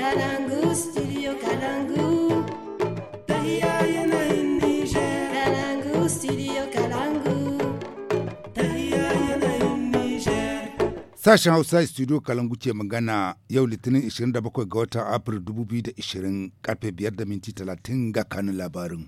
Kalangu, studio Kalangu. Tahia yanayin Niger. Kalangu, studio Kalangu. Tahia yanayin Niger. Sashen Hausa studio Kalangu ce magana yau Litinin 27 ga watan Afril 2020 karfe 5 da minti 30 ga kanun labarin.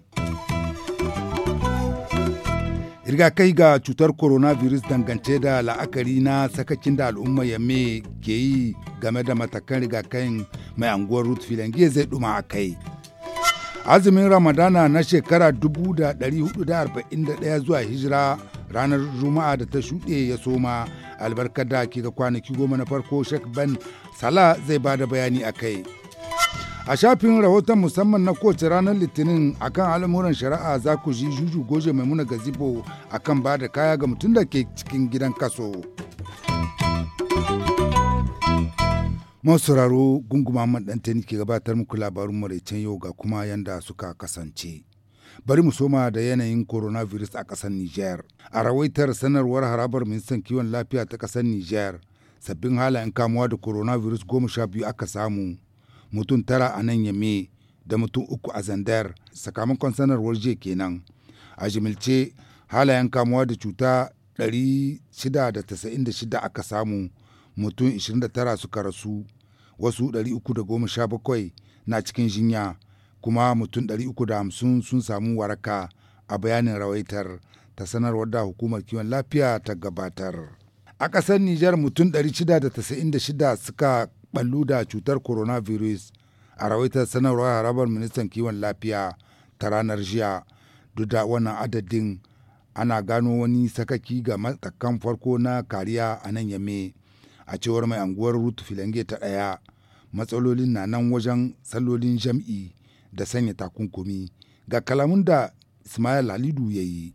kai ga cutar coronavirus dangance da la'akari na sakacin da al'umma yamme ke yi game da matakan rigakafin mai anguwar ruth filange zai ɗuma a kai azumin ramadana na shekara 1441 zuwa hijira ranar juma'a da ta shuɗe ya soma albarkar da ke ga kwanaki goma na farko shek ban sala zai ba da bayani a kai a shafin rahoton musamman na kowace ranar litinin akan al'amuran shari'a za ku ji juju goje maimuna gazibo akan ba da kaya ga mutum da ke cikin gidan kaso. sauraro gunguma maɗantani ke gabatar muku labarin maraicen yau ga kuma yanda suka kasance. Bari mu soma da yanayin coronavirus a ƙasar Nijar. A rawaitar sanarwar harabar ministan kiwon lafiya ta ƙasar Nijar, sabbin halayen kamuwa da coronavirus goma sha biyu aka samu, mutum tara a nan yame da mutum uku a zandar sakamakon sanarwar jiya kenan. A jimilce halayen kamuwa da cuta 696 aka samu mutum 29 suka rasu wasu 317 na cikin jinya kuma mutum 350 sun samu waraka a bayanin rawaitar ta sanarwar da hukumar kiwon lafiya ta gabatar. A ƙasar Nijar mutum 696 suka ballu da cutar coronavirus a rawaitar sanarwar harabar ministan kiwon lafiya ta ranar jiya. Duk da wannan adadin ana gano wani sakaki ga matakan farko na kariya a nan yame. a cewar mai anguwar rutu filange ta ɗaya matsalolin na nan wajen sallolin jam'i da sanya takunkumi ga kalamun da ismail halidu ya yi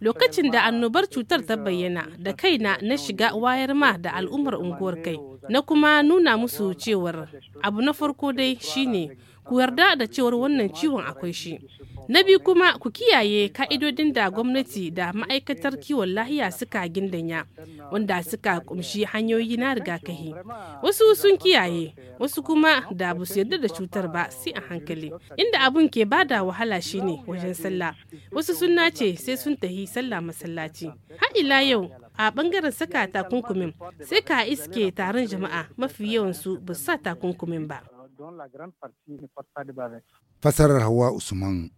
Lokacin da annobar cutar ta bayyana euh, da kaina na shiga wayar ma da al'ummar unguwar kai na kuma nuna musu cewar abu na farko dai shine ku yarda da cewar wannan ciwon akwai shi na biyu kuma ku kiyaye ka'idodin da gwamnati da ma'aikatar kiwon lahiya suka gindanya wanda suka kumshi hanyoyi na rigakahi. wasu sun kiyaye wasu kuma da ba su yarda da cutar ba sai a hankali inda abun ke bada wahala shine wajen sallah wasu sun ce sai sun tahi sallah masallaci har ila yau a bangaren saka takunkumin sai ka iske taron jama'a mafi yawan su ba sa takunkumin ba don la grande partie ne porte pas de bavette. Fasarar Hawa Usman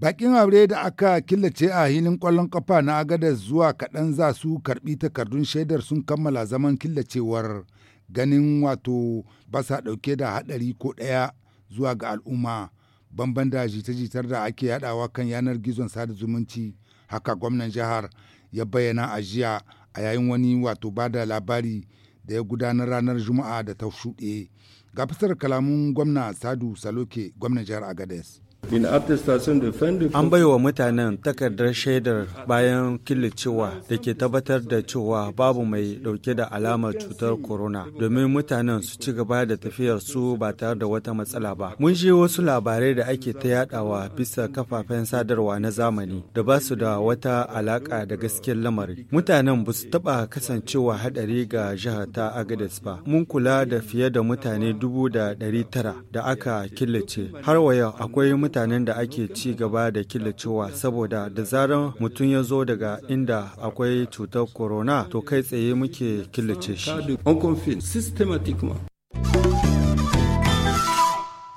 Bakin aure da aka killace a hilin kwallon kafa na agadar zuwa kaɗan za su karɓi takardun shaidar sun kammala zaman killacewar ganin wato ba sa ɗauke da haɗari ko ɗaya zuwa ga al'umma bamban da jita-jitar da ake yadawa kan yanar gizon sada zumunci haka gwamnan jihar ya bayyana a jiya a yayin wani wato ba da labari da ya gudanar ranar Juma'a da ta shuɗe. Ga fasar kalamun gwamna Sadu Saloke gwamnan jihar Agadez. An wa mutanen takardar shaidar bayan killacewa da ke tabbatar da cewa babu mai dauke da alamar cutar corona domin mutanen su ci gaba da tafiyar su ba tare da wata matsala ba. Mun je wasu labarai da ake ta yadawa bisa kafafen sadarwa na zamani da ba su da wata alaka da gaskiyar lamari. Mutanen ba su taba kasancewa hadari ga jihar ta Agadez ba. Mun kula da fiye da mutane dubu da dari tara da aka killace. Har wa yau akwai mutane mutanen da ake ci gaba da killacewa saboda da zarar mutum ya zo daga inda akwai cutar corona to kai tsaye muke killace shi.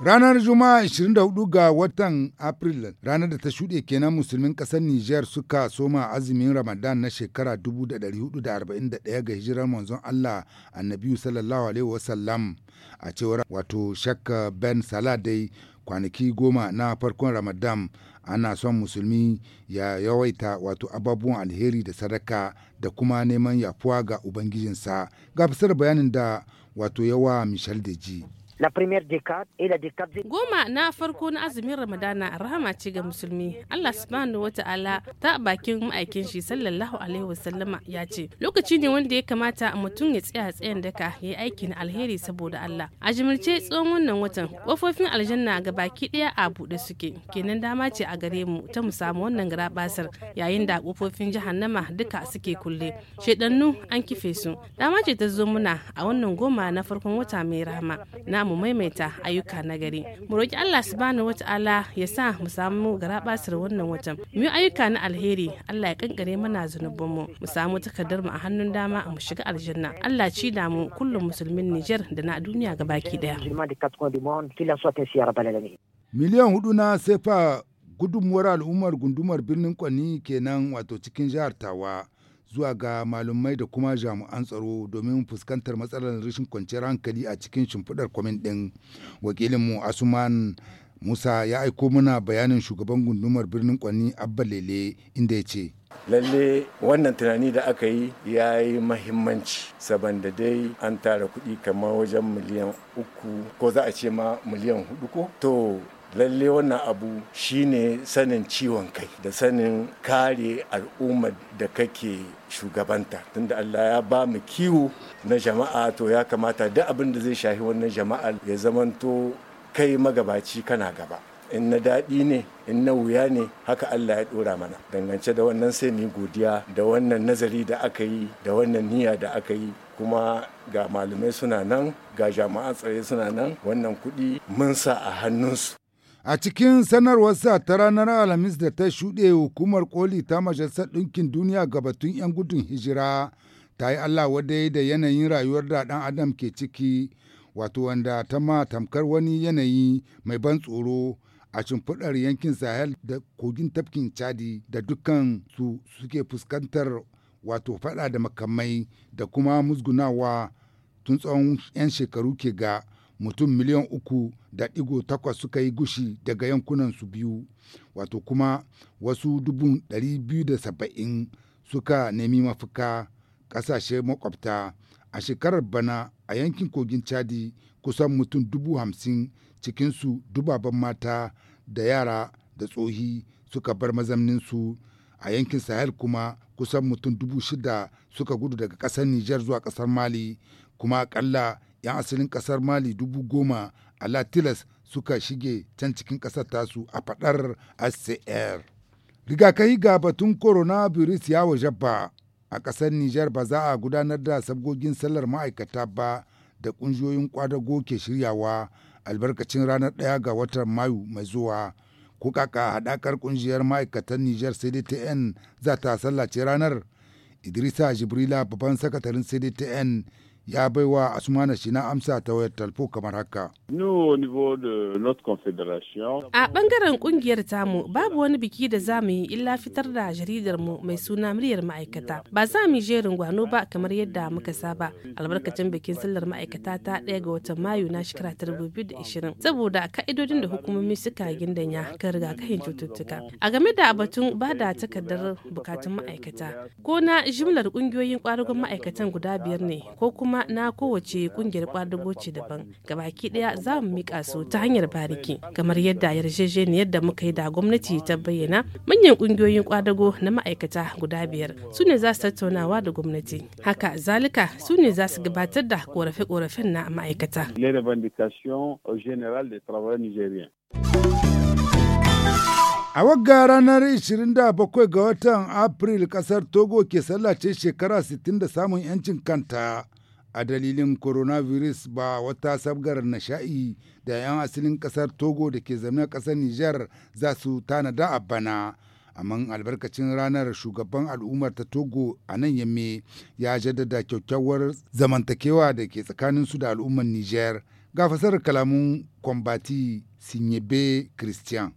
Ranar Juma'a 24 ga watan Afril ranar da ta shuɗe kenan musulmin ƙasar Nijar suka soma azumin Ramadan na shekara 1441 ga hijirar manzon Allah annabiyu sallallahu alaihi wasallam a cewar wato shakka Ben Saladai kwanaki goma na farkon Ramadan ana son musulmi ya yawaita wato ababuwan alheri da sadaka da kuma neman yafuwa ga Ubangijinsa ga fasar bayanin da wato yawa Michel Deji. et la Goma na farko na azumin Ramadana rahama ce ga musulmi. Allah subhanahu wataala ta bakin ma'aikin shi sallallahu alaihi wasallama ya ce lokaci ne wanda ya kamata mutum ya tsaya tsayin daka ya yi aikin alheri saboda Allah. A jimirce tsawon wannan watan kofofin aljanna ga baki ɗaya a buɗe suke kenan dama ce a gare mu ta mu samu wannan garabasar yayin da kofofin jahannama duka suke kulle. Shedannu an kife su dama ce ta zo muna a wannan goma na farkon wata mai rahama. Na za mu maimaita ayyuka na gari mu roki Allah subhanahu wataala ya sa mu samu garabasar wannan watan mu ayyuka na alheri Allah ya kankare mana zunubanmu mu samu takardar mu a hannun dama mu shiga aljanna Allah ci da mu kullum musulmin Niger da na duniya gabaki daya miliyan hudu na sefa gudunmuwar al'ummar gundumar birnin kwani kenan wato cikin jihar tawa zuwa ga malumai da kuma jami'an tsaro domin fuskantar matsalar rashin kwanciyar hankali a cikin shimfiɗar kwamin ɗin wakilinmu asuman musa ya aiko muna bayanin shugaban gundumar birnin kwanni abba lele inda ya ce lalle wannan tunani da aka yi ya yi mahimmanci saboda dai an tara kuɗi kamar wajen miliyan uku ko za a ce ma miliyan hudu ko to lalle wannan abu shine sanin ciwon kai da sanin kare al'ummar da kake shugabanta tunda Allah ya ba mu kiwo na jama'a to ya kamata duk abin da zai shafi wannan jama'a ya zamanto kai magabaci kana gaba in na daɗi ne in na wuya ne haka Allah ya ɗora mana dangance da wannan sai ni godiya da wannan nazari da aka yi da wannan niyya da aka yi kuma ga malamai suna nan ga jama'an tsare suna nan wannan kuɗi mun sa a hannunsu A cikin sanarwarsa ta ranar Alhamis da ta shuɗe hukumar koli ta Majalisar Ɗinkin Duniya ga batun 'yan gudun hijira ta yi Allah wadai da yanayin rayuwar da ɗan Adam ke ciki, wato wanda ta ma tamkar wani yanayi mai ban tsoro a shimfiɗar yankin Sahel da kogin tafkin Chadi da dukkan su suke fuskantar wato faɗa da makamai da kuma musgunawa tun tsawon 'yan shekaru ke ga mutum miliyan uku da ɗigo takwas suka yi gushi daga yankunan su biyu wato kuma wasu dubun ɗari biyu da saba'in suka nemi mafuka ƙasashe makwabta a shekarar bana a yankin kogin chadi kusan mutum dubu hamsin cikinsu dubaban mata da yara da tsohi suka bar mazamninsu a yankin sahel kuma kusan mutum dubu shida suka gudu daga ƙasar nijar zuwa ƙasar mali kuma akalla 'yan asalin kasar mali dubu goma a latilas suka shige can cikin kasar tasu a fadar scr rigakai ga batun coronavirus ya waje ba a kasar niger ba za a gudanar da sabgogin sallar ma'aikata ba da kungiyoyin kwadago ke shiryawa albarkacin ranar ɗaya ga watan mayu mai zuwa ko kaka haɗakar kungiyar ma'aikatan niger cdtn za ta sallace ranar idrisa jibrila babban sakatarin cdtn ya bai Asmana shi na amsa ta wayar talfo kamar haka. A bangaren kungiyar tamu babu wani biki da za mu yi illa fitar da jaridar mu mai suna muryar ma'aikata. Ba za mu yi jerin gwano ba kamar yadda muka saba albarkacin bikin sallar ma'aikata ta ɗaya ga watan Mayu na shekara ta da ishirin saboda ka'idodin da hukumomi suka gindanya kan rigakafin cututtuka. A game da batun ba da takardar bukatun ma'aikata ko na jimlar ƙungiyoyin kwarugun ma'aikatan guda biyar ne ko kuma kuma na kowace kungiyar kwadago ce daban gabaki daya za mu mika su ta hanyar bariki kamar yadda yarjejeniyar da muka yi da gwamnati ta bayyana manyan kungiyoyin kwadago na ma'aikata guda biyar su ne za su tattaunawa da gwamnati haka zalika su ne za su gabatar da korafe-korafen na ma'aikata A wagga ranar 27 ga watan Afril kasar Togo ke sallace shekara 60 da samun 'yancin kanta. a dalilin coronavirus ba wata sabgar nasha'i da 'yan asalin kasar togo da ke zaune kasar niger za su tanada a bana amma albarkacin ranar shugaban al'ummar ta togo a nan yamme ya jaddada kyakkyawar zamantakewa da ke tsakanin su da al'ummar niger ga fasar kalamun kwambati sinyebe christian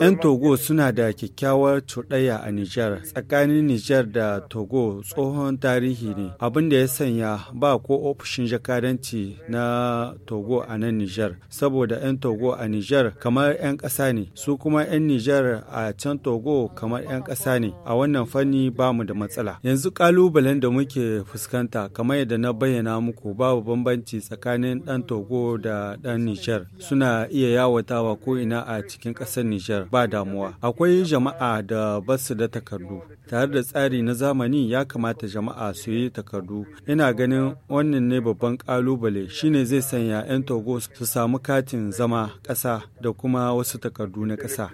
'Yan Togo suna da kyakkyawar cuɗaya a Nijar. Tsakanin Nijar da Togo tsohon tarihi ne, abin da ya sanya ba ko ofishin jakadanci na Togo a nan Nijar. Saboda 'yan Togo a Nijar kamar 'yan ƙasa ne, su kuma 'yan Nijar a can Togo kamar 'yan ƙasa ne. A wannan fanni ba mu da matsala. Yanzu ƙalubalen da muke fuskanta kamar yadda na bayyana muku babu bambanci tsakanin ɗan Togo da ɗan Nijar. Suna iya yawatawa ko ina a cikin ƙasar Nijar ba damuwa. Akwai jama'a da ba su da takardu. Tare da tsari na zamani ya kamata jama'a su yi takardu. Ina ganin wannan ne babban ƙalubale shine zai sanya 'yan Togo su samu katin zama ƙasa da kuma wasu takardu na ƙasa.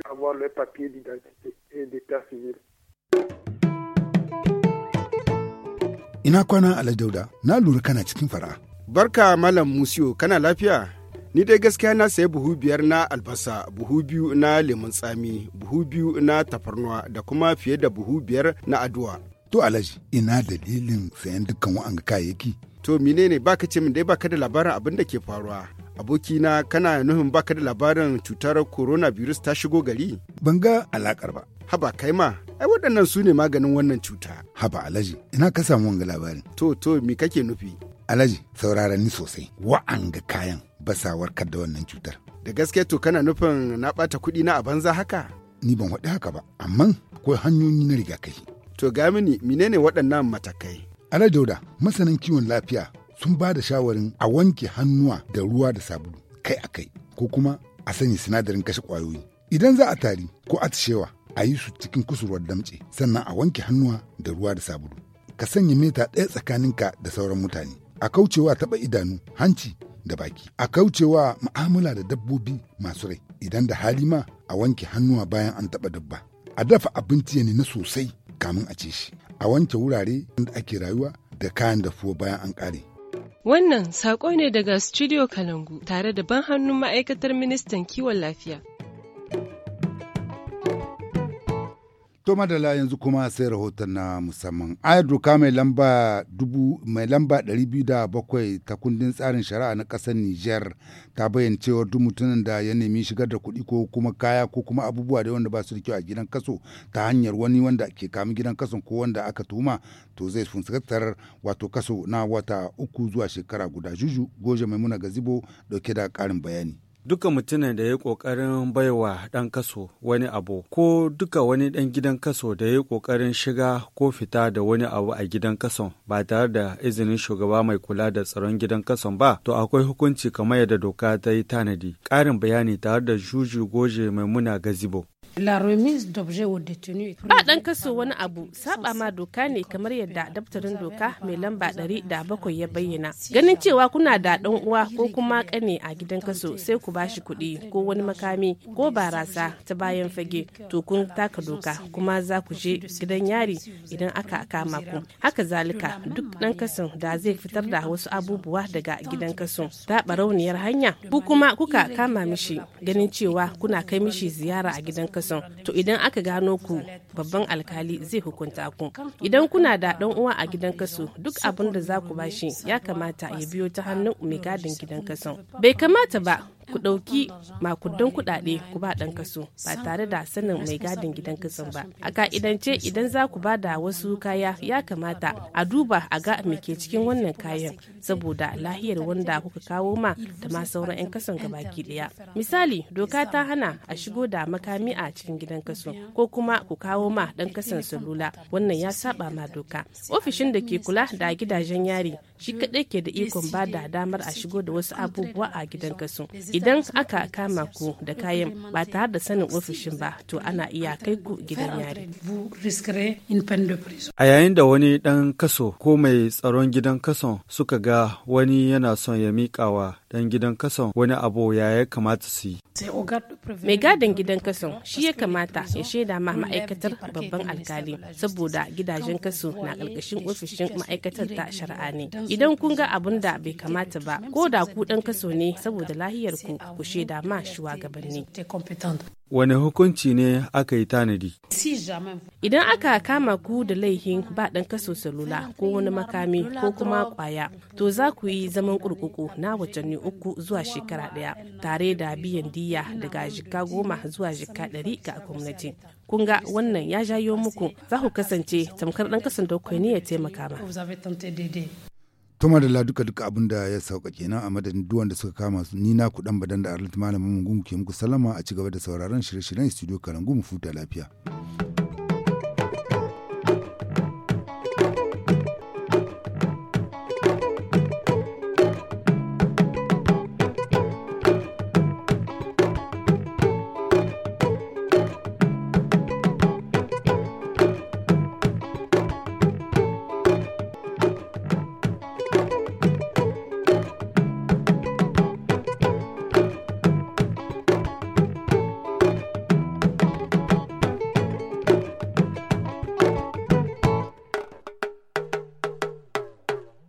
Ina kwana Alhaji na lura kana cikin fara. Barka Malam Musiyo, kana lafiya? Ni dai gaskiya na sayi buhu biyar na albasa, buhu biyu na lemun tsami, buhu biyu na tafarnuwa da kuma fiye da buhu biyar na aduwa. To alaji ina dalilin sayan dukkan wa'an kayayyaki. To menene baka ce min dai baka da labarin abin da ke faruwa. abokina kana nufin baka da labarin cutar coronavirus ta shigo gari? Ban ga alakar ba. Haba kai ma, ai waɗannan su ne maganin wannan cuta. Haba alaji, ina ka samu wanga labarin. To, to, me kake nufi? alaji sauraron ni sosai wa'anga kayan basa warkar da wannan cutar da gaske to kana nufin na ɓata kuɗi na a banza haka ni ban waɗi haka ba amma akwai hanyoyi na rigakafi to ga mini menene waɗannan matakai alaji dauda masanan kiwon lafiya sun ba da shawarin a wanke hannuwa da ruwa da sabulu kai a kai ko kuma a sanya sinadarin kashe kwayoyi idan za a tari ko a tashewa a yi su cikin kusurwar damtse sannan a wanke hannuwa da ruwa da sabulu ka sanya mita ɗaya tsakaninka da sauran mutane a kaucewa taɓa idanu hanci da baki a kaucewa ma'amala da dabbobi masu rai idan da hali ma a wanke hannuwa bayan an taɓa dabba a dafa abinci ya na sosai kamun a ce shi a wanke wurare da ake rayuwa da kayan dafuwa bayan an ƙare Wannan saƙo ne daga Studio Kalangu tare da ban hannun ma'aikatar ministan kiwon lafiya. To madala yanzu kuma sai rahoton na musamman. Ayar doka mai lamba dubu mai lamba ɗari biyu da bakwai ta kundin tsarin shari'a na ƙasar Nijar ta bayyana cewa duk mutumin da ya nemi shigar da kuɗi ko kuma kaya ko kuma abubuwa da wanda ba su da kyau a gidan kaso ta hanyar wani wanda ke kami gidan kaso ko wanda aka tuhuma to zai fuskantar wato kaso na wata uku zuwa shekara guda. Juju Goje Maimuna Gazibo dauke da ƙarin bayani. duka mutumin da ya yi ƙoƙarin baiwa ɗan kaso wani abu ko duka wani ɗan gidan kaso da ya yi ƙoƙarin shiga ko fita da wani abu a gidan kason ba tare da izinin shugaba mai kula da tsaron gidan kason ba to akwai hukunci kamar yadda doka ta yi tanadi ƙarin bayani tare da juju goje maimuna gazibo La remise d'objets aux détenus. Ba dan kaso wani abu saba ma doka ne kamar yadda daftarin doka mai lamba 107 ya bayyana. Ganin cewa kuna da dan uwa ko kuma kane a gidan kaso sai ku bashi kuɗi ko wani makami ko barasa ta bayan fage to kun taka doka kuma za ku je gidan yari idan aka kama ku. Haka zalika duk dan kason da zai fitar da wasu abubuwa daga gidan kaso ta barauniyar hanya ku kuma kuka kama mishi ganin cewa kuna kai mishi ziyara a gidan kaso to idan aka gano ku babban alkali zai hukunta ku idan kuna da dan uwa a gidan kaso duk abin da za ku bashi ya kamata ya biyo ta hannun mai gadin gidan kaso bai kamata ba ku ɗauki makudan kuɗaɗe ku ba ɗan kaso ba tare da sanin mai gadin gidan kasan ba a ka'idance idan za ku ba da wasu kaya ya kamata a duba a ga me ke cikin wannan kayan saboda lahiyar wanda kuka kawo ma da ma sauran 'yan kasan gabaki ɗaya misali doka ta hana a shigo da makami a cikin gidan kaso ko kuma ku kawo ma ɗan kasan salula wannan ya saba ma doka ofishin da ke kula da gidajen yari shi kaɗai ke da ikon ba da damar a shigo da wasu abubuwa a gidan kaso idan aka kama ku da kayan ba tare da sanin ofishin ba to ana iya kai ku gidan yari a yayin da wani dan kaso ko mai tsaron gidan kason suka ga wani yana son ya miƙawa dan gidan kason wani abu ya ya kamata su yi. Mai gadin gidan kason shi ya kamata ya shaida ma ma'aikatar babban alkali saboda gidajen kaso na ƙarƙashin ofishin ma'aikatar ta shari'a ne. Idan kun ga abun da bai kamata ba ko da ku ɗan kaso ne saboda lahiyar ku ku shaida ma shugabanni. Wane hukunci ne aka yi tanadi? Idan aka kama ku da laihin ba ɗan kaso salula ko wani makami ko kuma kwaya, to za ku yi zaman kurkuku na watanni uku zuwa shekara ɗaya tare da biyan diya daga jika goma zuwa jika ɗari ga gwamnati. Kun ga wannan ya jayo muku za ku kasance tamkar ɗan kasan da ne ya taimaka ma. tuma da duka duka abin da ya sauka kenan a madadin duk wanda suka kama su ni na dan badan da arlit malamin mungun ke muku salama a cigaba da sauraron shirye-shiryen studio karangu mu futa lafiya.